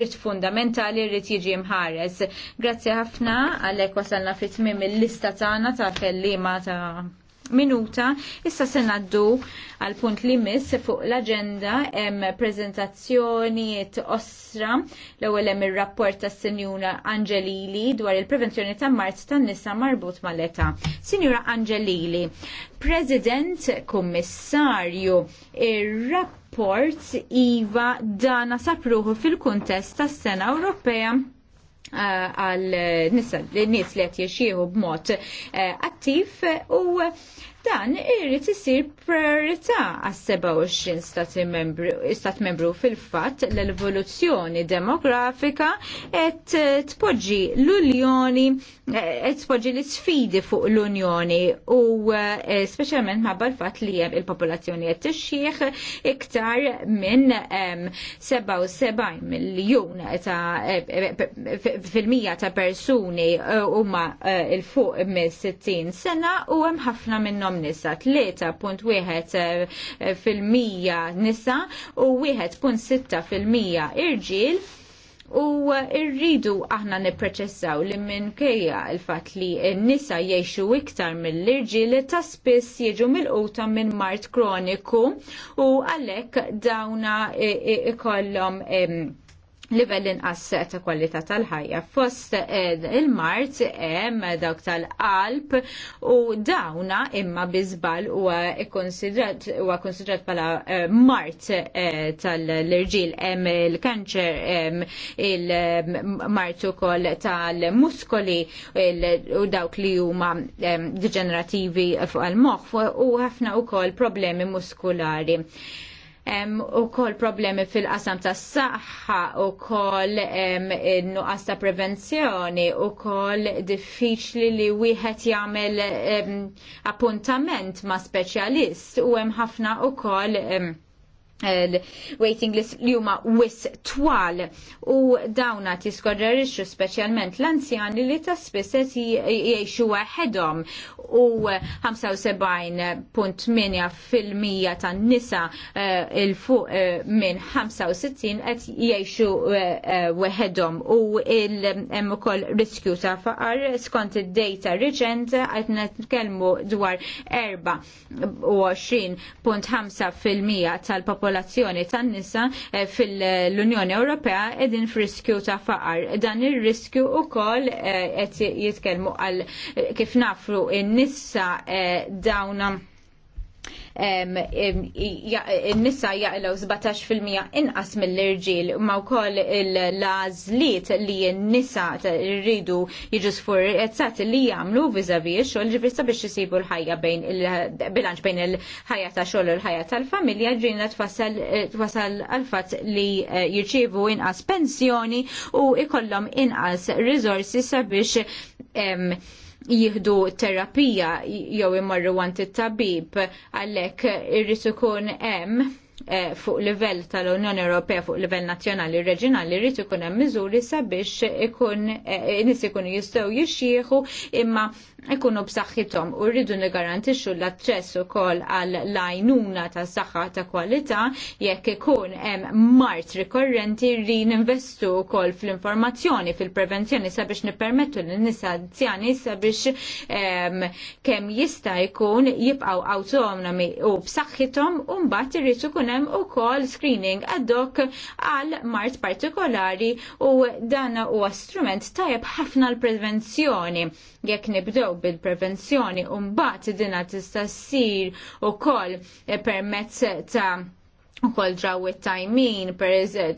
dritt fundamentali rrit jiġi mħares. Grazzi ħafna għalek wasalna fit il-lista tagħna ta' kellima ta' minuta. Issa se ngħaddu għal punt li miss fuq l-aġenda hemm preżentazzjonijiet osra l-ewwel hemm ir-rapport tas-Sinjura Angelili dwar il-prevenzjoni ta' Mart tan-nisa marbut mal-età. Sinjura Angelili, President Kummissarju, ir-rapport Sports iva dana sapruħu fil-kuntest tas sena Ewropea eh, għal nies li qed jixxieħu b'mod eh, attiv u dan irrit jisir priorità għas 27 stat membru, stat membru fil-fatt l-evoluzzjoni demografika qed tpoġġi l-Unjoni et tpoġġi l-isfidi fuq l-Unjoni u eh, speċjalment ma bal fatt li hemm il-popolazzjoni qed xieħ iktar minn 77 miljun ta' eh, eh, fil-mija ta' persuni huma il fuq minn 60 20 sena u hemm ħafna minnhom nisa 3.1 eh, fil-mija nisa u 1.6 fil-mija irġiel U eh, irridu aħna nipreċessaw li minn kejja il-fat li n-nisa jiexu iktar mill-irġil ta' spiss jiġu mill-quta minn mart kroniku u għalek dawna eh, ikollhom livell inqas ta' kwalità tal-ħajja. Fost eh, il-Mart hemm dawk tal-qalb u dawna imma biżbal huwa ikkonsidrat huwa konsidrat bħala eh, Mart eh, tal-irġiel hemm il-kanċer hemm il-Mart ukoll tal-muskoli u dawk li huma deġenerativi fuq il moħħ u ħafna wkoll problemi muskulari u kol problemi fil-qasam ta' s-saxħa u kol nuqqas ta' prevenzjoni u kol diffiċli li wieħed jagħmel appuntament ma' speċjalist u hemm ħafna u kol waiting list li huma wis twal u dawna tiskorrerixxu speċjalment l-anzjani li ta' spiss qed jgħixu waħedhom u 75.8% tan-nisa il fuq minn 65 qed jgħixu eh, waħedhom u hemm ukoll riskju ta' faqar skont id-data reċent qed nitkellmu dwar 24.5% tal-popolazzjoni popolazzjoni tan-nisa eh, fil-Unjoni Ewropea qegħdin f'riskju ta' faqar. Dan ir-riskju ukoll eh, qed jitkellmu għal eh, kif nafru in-nisa dawna n-nisa jaqlaw 17% inqas mill-irġiel ma wkoll il-lażliet li n-nisa rridu jiġu ezzat li jagħmlu viżavi x-xogħol ġifri sabiex isibu l-ħajja bejn il-bilanċ bejn il-ħajja ta' xogħol u l-ħajja tal-familja ġrinna għal għalfat li eh, jirċievu inqas pensjoni u ikollhom inqas riżorsi sabiex jihdu terapija jew imorru għand it-tabib għalhekk irrid ikun hemm Eh, fuq livell tal-Unjoni Ewropea fuq livell nazzjonali reġjonali rrid ikun hemm miżuri sabiex ikun eh, nies ikunu jistgħu jixxieħu imma ikunu b'saħħithom u rridu nigarantixxu l-aċċess ukoll għal lajnuna ta' saħħa ta' kwalità jekk ikun hemm mart rikorrenti li ninvestu wkoll fl-informazzjoni fil-prevenzjoni sabiex nippermettu lin nisa anzjani sabiex ehm, kemm jista' jkun jibqgħu awtonomi u b'saħħithom u mbagħad irid ikun ikun hemm ukoll screening ad dok għal mart partikolari u dan u strument tajab ħafna l-prevenzjoni. Jekk nibdew bil-prevenzjoni u mbagħad dina tista' u kol permezz ta' u kol ġawet tajmin,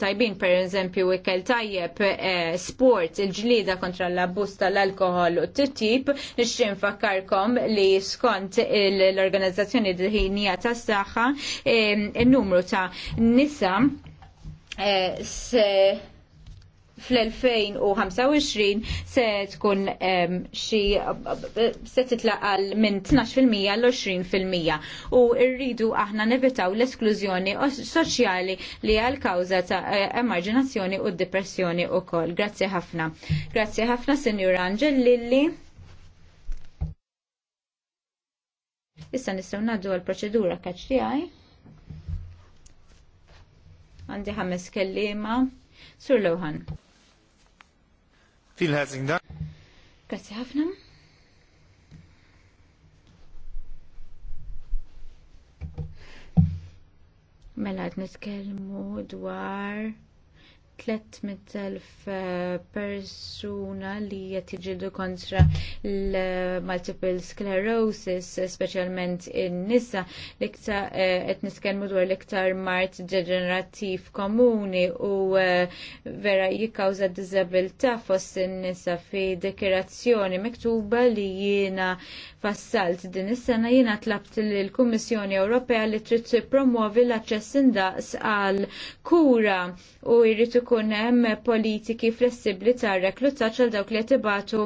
tajbin per eżempju ikel tajjeb eh, sport il-ġlida kontra l-abbus tal-alkohol u t-tip, nixin fakkarkom li skont l-organizzazzjoni d-ħinija ta' s-saxħa, il-numru eh, ta' nisa eh, se fl-2025 se tkun xi se titlaqal minn 12% l-20% u rridu aħna nevitaw l-esklużjoni soċjali li għal kawża ta' emarġinazzjoni u d u wkoll. Grazzi ħafna. Grazzi ħafna, Sinjur Angelilli. Issa nistgħu naddu għall proċedura kaċ tiegħi. Għandi ħames kelliema. Sur Lohan. Vielen herzlichen Dank. Grazie ħafna. Mela qed nitkellmu dwar 300.000 eh, persuna li jattiġidu kontra l-multiple eh, sclerosis, specialment in-nisa, l-iktar eh, qed nitkellmu dwar l-iktar mart degenerattiv komuni u vera jikkawża diżabilità fost in-nisa fi dekirazzjoni miktuba li jiena fassalt din is-sena jiena tlabt lill-Kummissjoni Ewropea li trid promuovi l-aċċess indaqs għal kura u jrid ikun hemm politiki flessibbli tar reklutaċ għal dawk li tibatu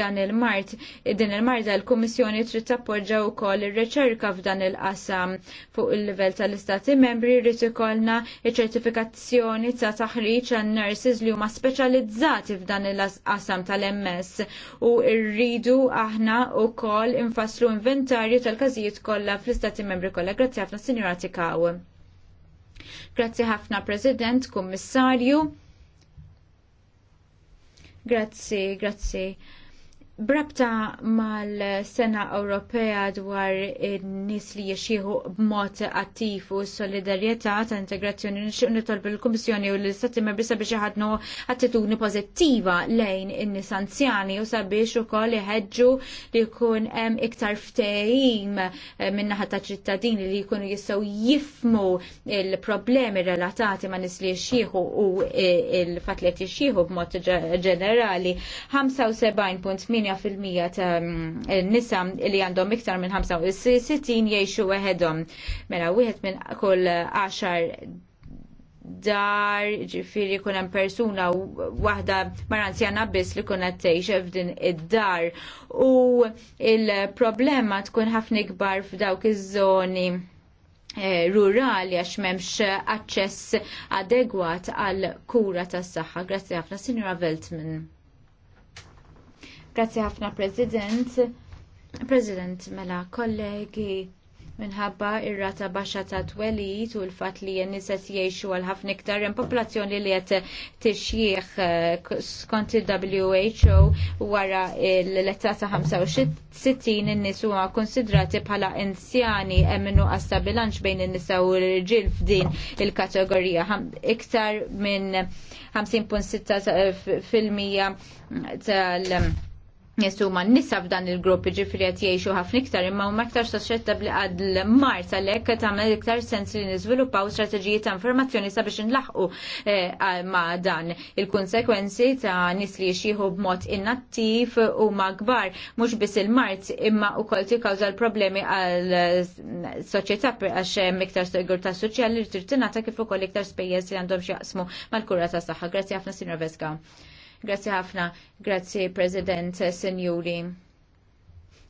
dan il-mart. Din il-marda l-Kummissjoni trid tappoġġa wkoll ir-riċerka f'dan il-qasam fuq il-livell tal-Istati membri jrid ikollna ċ-ċertifikazzjoni ta' taħriġ għan nurses li huma speċjalizzati f'dan il-qasam tal-MS u rridu aħna wkoll infasslu inventarju tal-każijiet kollha fl-Istati membri kollha. Grazzi ħafna, Sinjora Tikaw. Grazzi ħafna President, Kummissarju. Grazzi, grazzi Brabta mal-sena Ewropea dwar in-nies li b b'mod attiv u solidarjetà ta' integrazzjoni nixtieq nitolbu il kummissjoni u l-Istati Membri sabiex iħadnu attitudni pożittiva lejn in nis anzjani u sabiex ukoll iħeġġu li jkun hemm iktar ftehim eh, min-naħa ta' ċittadini li jkunu jistgħu jifmu il-problemi relatati ma' nis li jiexieħu u eh, il-fatt li jixieħu b'mod ġenerali 75.8 8% ta' nisa li għandhom iktar minn 65 jgħixu weħedhom. Mela wieħed minn kull 10 dar ġifiri kunem persuna wahda maranzjana biss li kunet teħx f'din id-dar u il-problema tkun ħafna ikbar f'dawk iż-żoni eh, rurali għax memx aċċess adegwat għal kura tas saħħa Grazzi ħafna, Sinjora Veltman. Grazzi ħafna President. President mela kollegi minħabba ir-rata baxa ta' twelit u l-fat li n-nisa jiexu għal ħafna iktar hemm popolazzjoni li qed tixjieħ eh, skont il-WHO wara l-età ta' 65 in-nies huma konsidrati bħala insjani hemm nuqqas ta' bilanċ bejn in-nisa u l-irġiel f'din il-kategorija iktar minn 50.6 fil-mija tal- jesuma nisa f'dan il-grupp ġifri għat jiexu ħafna iktar imma u maktar soċċetta bli għad l-mart għalek għamel iktar sens li nizvilupaw strategijiet ta' informazzjoni sabiex nlaħu eh, ma' dan il-konsekwenzi ta' nis li jxieħu b'mod innattiv u ma' gbar mux bis il-mart imma u kol kawza l-problemi għal soċieta għax miktar sigurta soċjali li ta' kif ukoll iktar spejjeż li għandhom xjaqsmu mal-kura ta' saħħa. Grazzi ħafna Sinra Veska. Grazzi ħafna, grazie President Senjuri.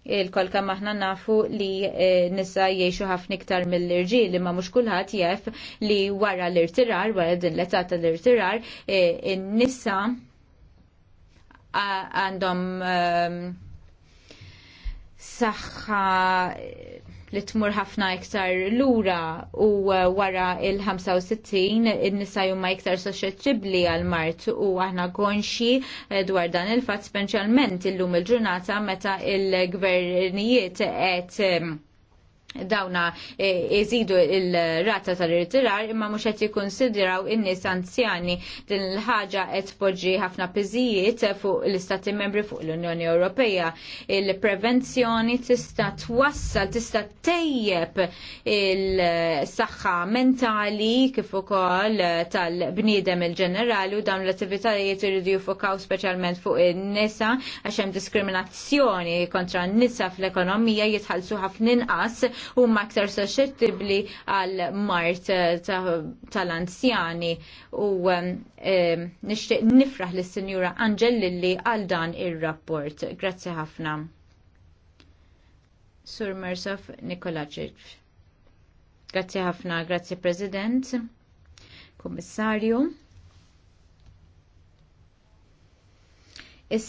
Il-kol kam aħna nafu li eh, nisa jiexu ħafna iktar mill-irġiel, ma mhux kulħadd jef, li wara l-irtirar, wara din l-età tal-irtirar, eh, in-nisa għandhom ehm, saħħa li tmur ħafna iktar lura u uh, wara il-65 in-nisa huma iktar soċċettibli għal mart u aħna konxi eh, dwar dan il-fatt speċjalment illum il-ġurnata meta il-gvernijiet qed um, dawna iżidu e, il-rata tal irritirar imma mhux qed jikkonsidraw in-nies anzjani din il-ħaġa qed tpoġġi ħafna piżijiet fuq l-Istati Membri fuq l-Unjoni Ewropea. Il-prevenzjoni tista' twassal, tista' tejjeb il-saħħa mentali kif ukoll tal-bniedem il-ġenerali u dawn l-attivitajiet iridu jifokaw speċjalment fuq in-nisa għax hemm diskriminazzjoni kontra n-nisa fl-ekonomija jitħallsu ħafna inqas huma aktar suscettibbli għal mart eh, tal-anzjani u ehm, ehm, nixtieq nifraħ lis sinjura Angelilli għal dan ir-rapport. Grazzi ħafna. Sur Mersov Nikolaċic. Grazzi ħafna, grazzi President, Kommissarju. is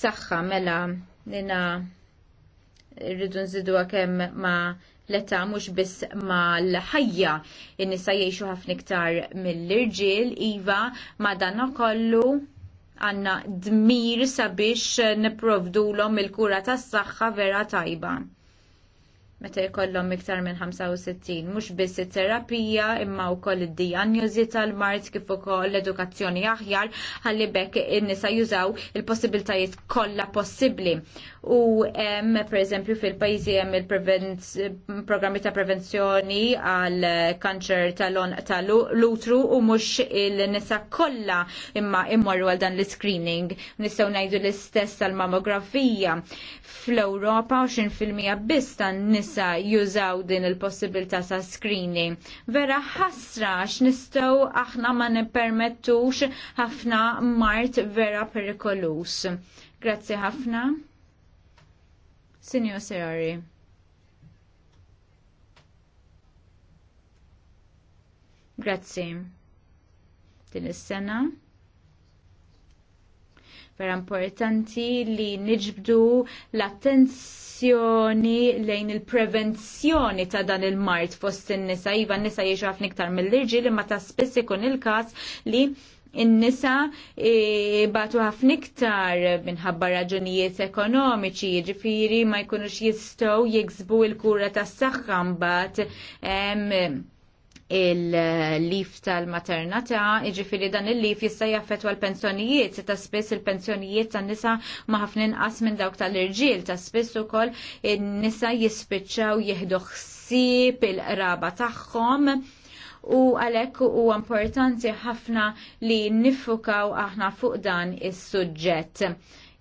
saxħa mela nina rridu nżidu kemm ma' l etta mhux biss ma' l-ħajja in-nisa jgħixu ħafna iktar mill-irġiel iva ma' danna kollu għandna dmir sabiex nipprovdulhom il-kura tas-saħħa vera tajba meta jkollhom iktar minn 65, mhux biss it-terapija imma wkoll id-dijanjosi tal-mart kif ukoll l-edukazzjoni aħjar ħalli bekk in-nisa jużaw il-possibiltajiet kollha possibbli. U hemm pereżempju fil-pajjiżi hemm il-programmi ta' prevenzjoni għal kanċer tal-utru u mhux il-nisa kollha imma immorru għal dan l-screening. Nistgħu ngħidu l-istess tal-mammografija. Fl-Ewropa 20% biss tan-nisa nisa jużaw din il-possibilità ta' screening. Vera ħasra x'nistgħu aħna ma nippermettux ħafna mart vera perikolus. Grazzi ħafna. Sinjo Serari. Grazzi. Din is-sena. Vera importanti li niġbdu l-attenzjoni lejn il-prevenzjoni ta' dan il-mart fost in-nisa. Iva n-nisa jiexu ħafna iktar mill-irġiel imma ta' spiss ikun il-każ li in-nisa e, batu ħafna iktar minħabba raġunijiet ekonomiċi, ġifiri ma jkunux jistgħu jiksbu l-kura tas-saħħa mbagħad il-lif tal-maternata, iġifiri dan il-lif jista' jaffetwa l-pensjonijiet, ta' spiss il-pensjonijiet tan nisa ma' ħafna inqas minn dawk tal-irġiel, ta' spiss ukoll in-nisa jispiċċaw jieħdu ħsieb il-qraba tagħhom u għalek u importanti ħafna li nifukaw aħna fuq dan is-suġġett.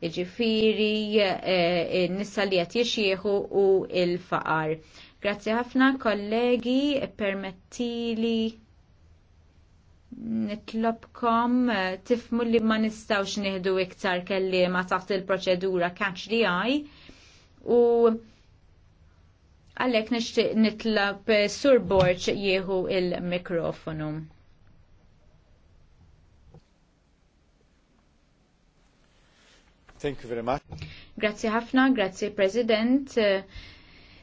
Iġifiri, e, eh, nissa li għat jixieħu u il-faqar. Grazzi ħafna kollegi, permettili nitlobkom eh, tifmu li ma nistawx nieħdu iktar ma taħt il-proċedura catch the eye u għalek nishtiq nitlob eh, Sur Borċ jieħu il-mikrofonu. Thank you very much. Grazzi ħafna, grazzi President. Eh,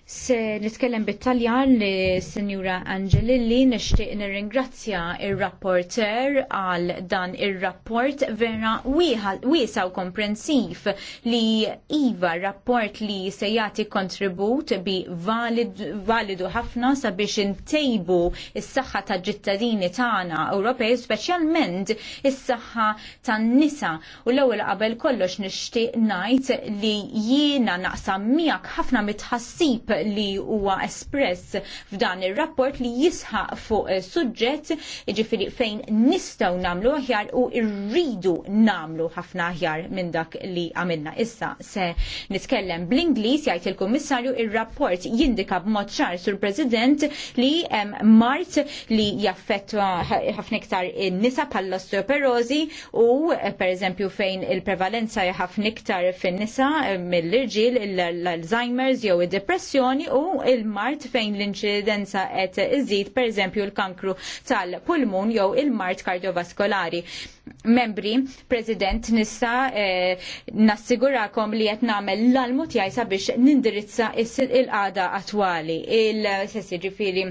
Se nitkellem bit-Taljan li Senjura Angelilli nixtieq nirringrazzja ir-rapporter għal dan ir-rapport vera wiesa u komprensiv li iva rapport li se jagħti kontribut bi validu ħafna sabiex intejbu is-saħħa ta' ġittadini tagħna Ewropej speċjalment is-saħħa tan-nisa u l-ewwel qabel kollox nixtieq ngħid li jiena naqsam miegħek ħafna mitħassib li huwa espress f'dan ir-rapport li jisħaq fuq eh, suġġett ġifiri fejn nistgħu nagħmlu aħjar u rridu nagħmlu ħafna aħjar minn dak li għamilna issa se nitkellem bl-Ingliż jgħid il-Kummissarju ir-rapport jindika b'mod ċar sur President li hemm mart li jaffettwa ħafna iktar in-nisa bħall-osteoperosi u eh, pereżempju fejn il-prevalenza ħafna iktar fin-nisa eh, mill-irġiel l-Alzheimer's jew id-depressjoni l infezzjoni u il-mart fejn l-inċidenza qed iżid pereżempju l-kankru tal-pulmun jew il-mart kardiovaskolari. Membri, President, nista eh, nassigurakom li qed nagħmel l almut tiegħi sabiex nindirizza il-qada attwali il-sessi ġifieri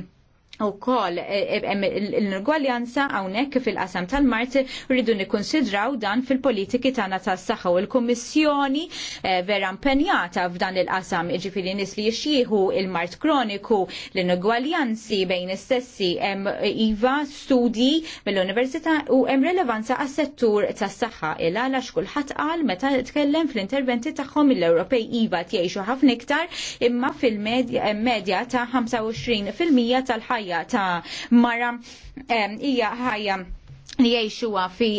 u kol e, e, l-ingwaljanza għawnek fil-qasam tal-mart rridu nikonsidraw dan fil-politiki tana tas saħħa u l-Kommissjoni e, vera impenjata f'dan il-qasam iġifiri nis li jixjieħu il-mart kroniku l-ingwaljanzi bejn istessi hemm IVA studji mill-Università u hemm rilevanza għas settur tas saħħa il għala kulħadd qal meta tkellem fl-interventi tagħhom mill-Ewropej IVA tgħixu ħafna iktar imma fil-medja ta' 25% tal-ħajja ħajja ta' mara hija ħajja li jiexuwa fi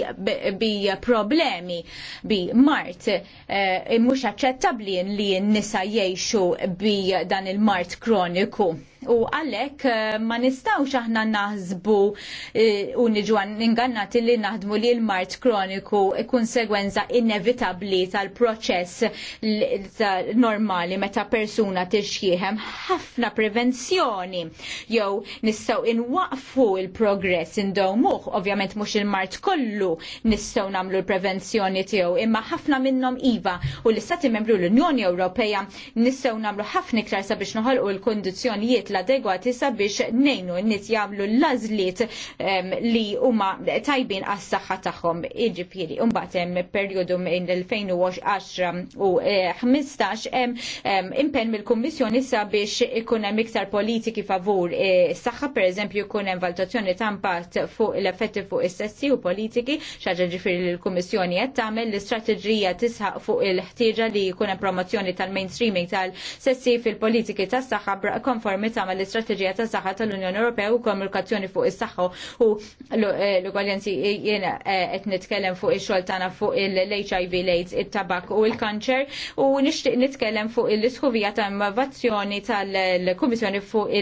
bi problemi bi mart eh, mhux aċċettabbli li n-nisa jgħixu bi dan il-mart kroniku u għalek eh, ma nistawx aħna naħsbu eh, u niġu ingannati li naħdmu li l-mart kroniku ikun segwenza inevitabli tal-proċess normali meta persuna tixjieħem ħafna prevenzjoni jew nistaw inwaqfu il-progress indowmuħ ovvjament mux il-mart kollu nistaw namlu l-prevenzjoni tiegħu imma ħafna minnhom iva u l-istati membru l-Unjoni Ewropea nistaw namlu ħafna iktar sabiex noħolqu l-kondizzjonijiet l adegwati sabiex nejnu n-nis jagħmlu l-għażliet li huma tajbin għas-saħħa tagħhom. Jiġifieri mbagħad hemm perjodu minn 2010 u 15 eh, hemm impenn mill-Kummissjoni sabiex ikun hemm iktar politiki favur s eh, saħħa pereżempju jkun hemm valutazzjoni ta' impatt fuq l-effetti fuq is-sessi u politiki xaġa ġifieri l-Kummissjoni qed tagħmel l-istrateġija tisħaq fuq il-ħtieġa li jkun hemm promozzjoni tal-mainstreaming tal-sessi fil-politiki tas-saħħa konformi ta' tama l-istrateġija ta' saħħa tal-Unjoni Ewropea u komunikazzjoni fuq is-saħħa u eh, l-ugwaljanzi eh, jiena eh, qed nitkellem fuq ix-xogħol tagħna fuq il-HIV AIDS, it-tabak u l-kanċer u nixtieq nitkellem fuq l-isħubija ta' innovazzjoni tal-Kummissjoni fuq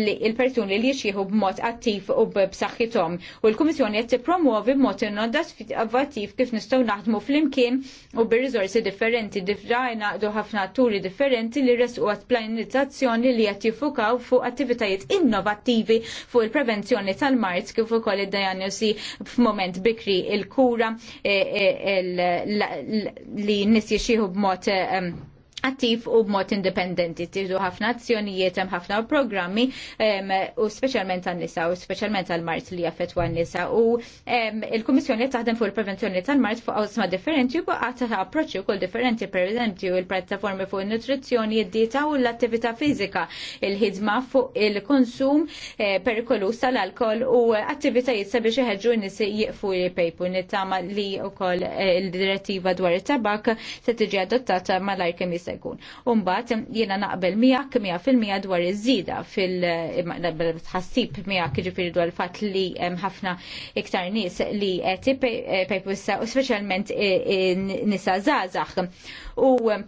il-persuni li jixjieħu b'mod attiv u b'saħħithom. U l-Kummissjoni qed tippromuovi b'mod innovattiv kif nistgħu naħdmu flimkien u bir-riżorsi differenti diffrajna ħafna atturi differenti li resqu għat planizzazzjoni li qed jiffukaw fuq attivitajiet innovattivi fuq il-prevenzjoni tal-mart kif ukoll id-diagnosi f'moment bikri il-kura eh, eh, li nis b'mod eh, attiv u b'mod indipendenti, tiħdu ħafna azzjonijiet, hemm ħafna programmi u speċjalment għan-nisa u speċjalment għal-mart li jaffetwa n-nisa u il-Kummissjoni taħdem fuq il-prevenzjoni tal-mart fuq osma differenti u baqgħet ta' approċċi wkoll differenti pereżempju il-plattaformi fuq in-nutrizzjoni, id-dieta u l-attività fizika il-ħidma fuq il-konsum eh, perikolus tal alkol u attivitajiet sabiex iħeġġu n nisi jieqfu jipejpu nittama li wkoll eh, il-direttiva dwar it-tabak se tiġi adottata mal kemm se jkun. Umbat, jiena naqbel miegħek mija fil-mija dwar iż-żida fil-tħassib miegħek jiġifieri dwar il-fatt li hemm ħafna iktar nies li qed pejpussa u speċjalment nisa żgħażagħ. U um,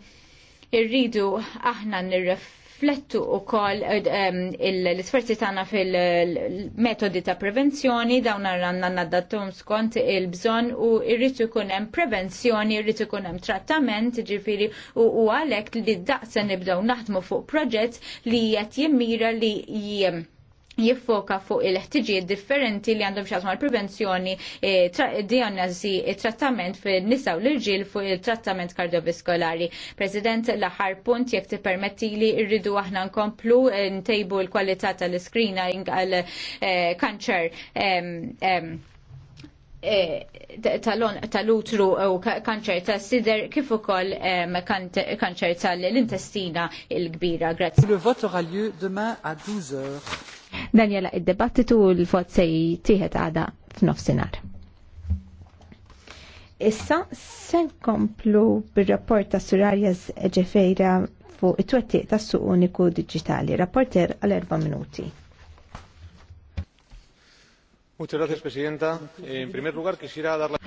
rridu aħna nirref u wkoll ehm, l-isforzi tagħna fil-metodi ta' prevenzjoni dawn għandna nadattum skont il-bżonn u rrid ikun hemm prevenzjoni, irritu ikun hemm trattament, ġifiri u għalhekk li daqsa nibdew naħdmu fuq proġett li qed jimmira li jiem jiffoka fuq il-ħtiġijiet differenti li għandhom xazma l-prevenzjoni, e, diagnosi, e, trattament fil nisa u l-irġil fuq il-trattament kardiovaskolari. President, l-aħħar punt jek permetti li rridu aħna nkomplu e, ntejbu l-kwalità tal-screening għal-kanċer tal-utru u kanċer tal sider kif ukoll kanċer tal-intestina il-kbira. Grazie. Le vote aura lieu demain à 12 heures. Dan jela id-debattitu l fot se tiħet għada f'nofsinhar. Issa sen komplu bil rapport ta' Surarjas Ġefejra fuq it twetti ta' suq uniku digitali. Rapporter għal erba' minuti. Muchas gracias, Presidenta. En primer lugar, quisiera dar la...